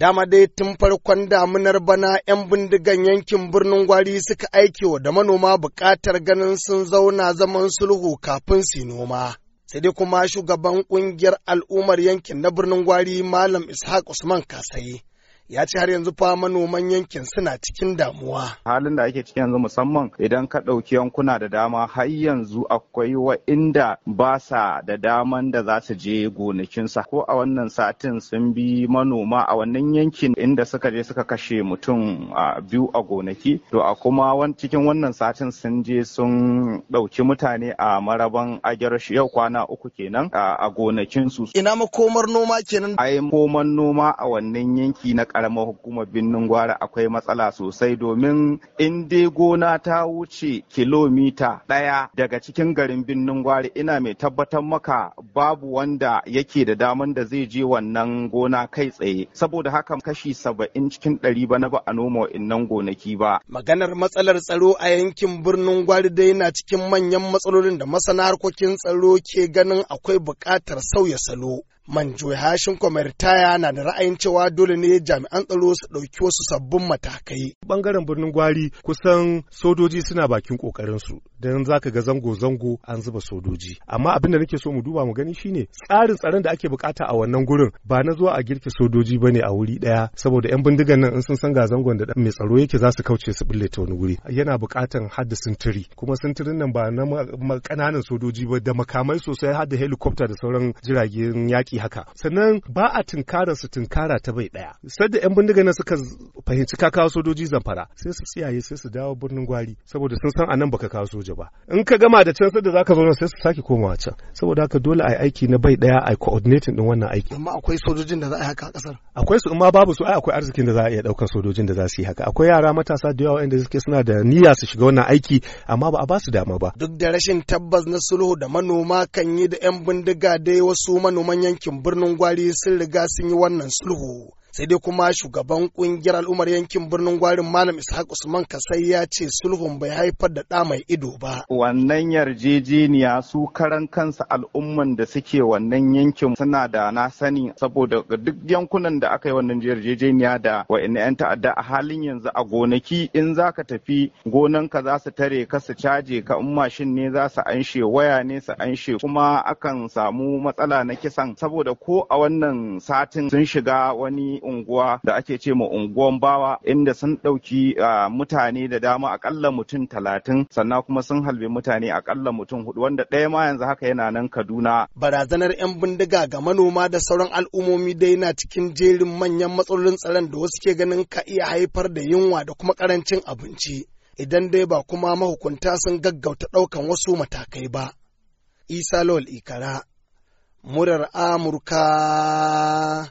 Dama dai tun farkon damunar bana 'yan bindigan yankin birnin gwari suka wa da manoma bukatar ganin sun zauna zaman sulhu kafin su noma. sai dai kuma shugaban kungiyar al'ummar yankin na birnin gwari malam ishaq usman kasai ya ce har yanzu fa manoman yankin suna cikin damuwa. Halin da ake ciki yanzu musamman idan ka ɗauki yankuna da dama har yanzu akwai wa'inda ba sa da daman da za su je gonakinsa ko a wannan satin sun bi manoma a wannan yankin inda suka je suka kashe mutum a biyu a gonaki to a kuma cikin wannan satin sun je sun ɗauki mutane a maraban agyar yau kwana uku kenan a gonakinsu. Ina makomar noma kenan? Ai koman noma a wannan yanki na karamar hukumar birnin gwara akwai matsala sosai domin in dai gona ta wuce kilomita ɗaya daga cikin garin birnin gwari ina mai tabbatar maka babu wanda yake da daman da zai je wannan gona kai tsaye saboda haka kashi saba'in cikin ɗari ba na ba a noma innan gonaki ba. Maganar matsalar tsaro a yankin birnin gwari dai na cikin manyan matsalolin da masana harkokin tsaro ke ganin akwai buƙatar sauya salo. manjo hashin kwamitaya na da ra'ayin cewa dole ne jami'an tsaro su ɗauki wasu sabbin matakai. Bangaren birnin gwari kusan sojoji suna bakin ƙoƙarinsu don za ka ga zango-zango an zuba sojoji. Amma abin da nake so mu duba mu gani shine tsarin tsaron da ake bukata a wannan gurin ba na zuwa a girke sojoji ba ne a wuri ɗaya saboda 'yan bindigan nan in sun san ga zangon da mai tsaro yake za su kauce su bulle ta wani wuri. Yana bukatan hadda sintiri kuma sintirin nan ba na ƙananan sojoji ba da makamai sosai hadda helikopta da sauran jiragen yaƙi haka sannan ba a tunkara su tunkara ta bai daya sadda yan bindiga na suka fahimci ka kawo sojoji zamfara sai su siyaye sai su dawo birnin gwari saboda sun san anan baka kawo soja ba in ka gama da can sadda zaka zo sai su sake komawa can saboda haka dole ai aiki na bai daya ai coordinating din wannan aiki amma akwai sojojin da za a haka kasar akwai su amma babu su ai akwai arzikin da za a iya daukar sojojin da za su yi haka akwai yara matasa da yawa wanda suke suna da niyya su shiga wannan aiki amma ba a ba su dama ba duk da rashin tabbas na sulhu da manoma kan yi da yan bindiga dai wasu manoman yankin yankin birnin gwari sun riga sun yi wannan sulhu sai dai kuma shugaban kungiyar al'ummar yankin birnin gwarin malam ishaq usman kasai ya ce sulhun bai haifar da ɗa mai ido ba wannan yarjejeniya su karan kansa al'umman da suke wannan yankin suna da na sani saboda duk yankunan da aka yi wannan yarjejeniya da wa'in 'yan ta'adda a halin yanzu a gonaki in za ka tafi gonanka za su tare ka su caje ka in mashin ne za su anshe waya ne su anshe kuma akan samu matsala na kisan saboda ko a wannan satin sun shiga wani unguwa da ake ce ma unguwan bawa inda sun ɗauki mutane da dama akalla mutum talatin sannan kuma sun halbe mutane akalla mutum hudu wanda ɗaya ma yanzu haka yana nan Kaduna. Barazanar 'yan bindiga ga manoma da sauran al'ummomi dai na cikin jerin manyan matsalolin tsaron da wasu ke ganin ka iya haifar da yunwa da kuma karancin abinci idan dai ba kuma mahukunta sun gaggauta ɗaukan wasu matakai ba. Isa Lawal Ikara, murar Amurka